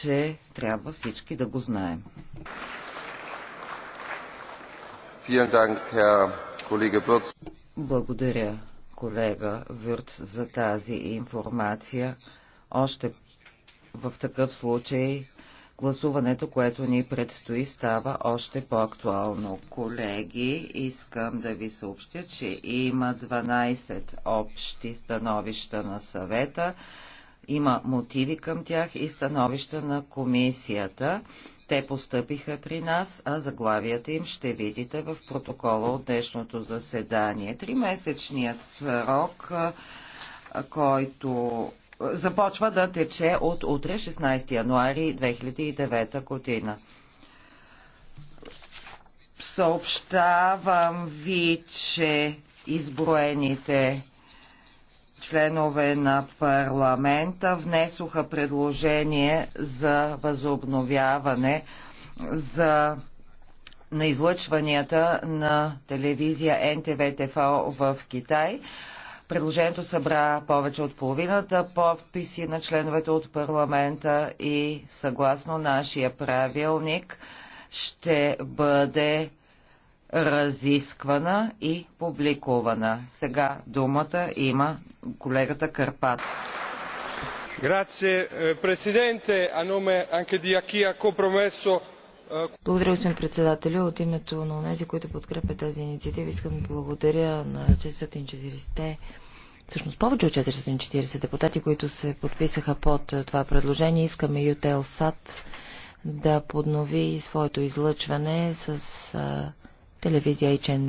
че трябва всички да го знаем. Благодаря, колега Вюрц, за тази информация. Още в такъв случай гласуването, което ни предстои, става още по-актуално. Колеги, искам да ви съобщя, че има 12 общи становища на съвета. Има мотиви към тях и становища на комисията. Те постъпиха при нас, а заглавията им ще видите в протокола от днешното заседание. Тримесечният срок, който започва да тече от утре 16 януари 2009 година. Съобщавам ви, че изброените членове на парламента внесоха предложение за възобновяване за на излъчванията на телевизия НТВ-ТФ в Китай. Предложението събра повече от половината подписи на членовете от парламента и съгласно нашия правилник ще бъде разисквана и публикувана. Сега думата има колегата Карпат. Е, е, благодаря, господин председателю. От името на тези, които подкрепят тази инициатива, искам да благодаря на 440 всъщност повече от 440 депутати, които се подписаха под е, това предложение. Искаме ЮТЕЛ САД да поднови своето излъчване с телевизия HN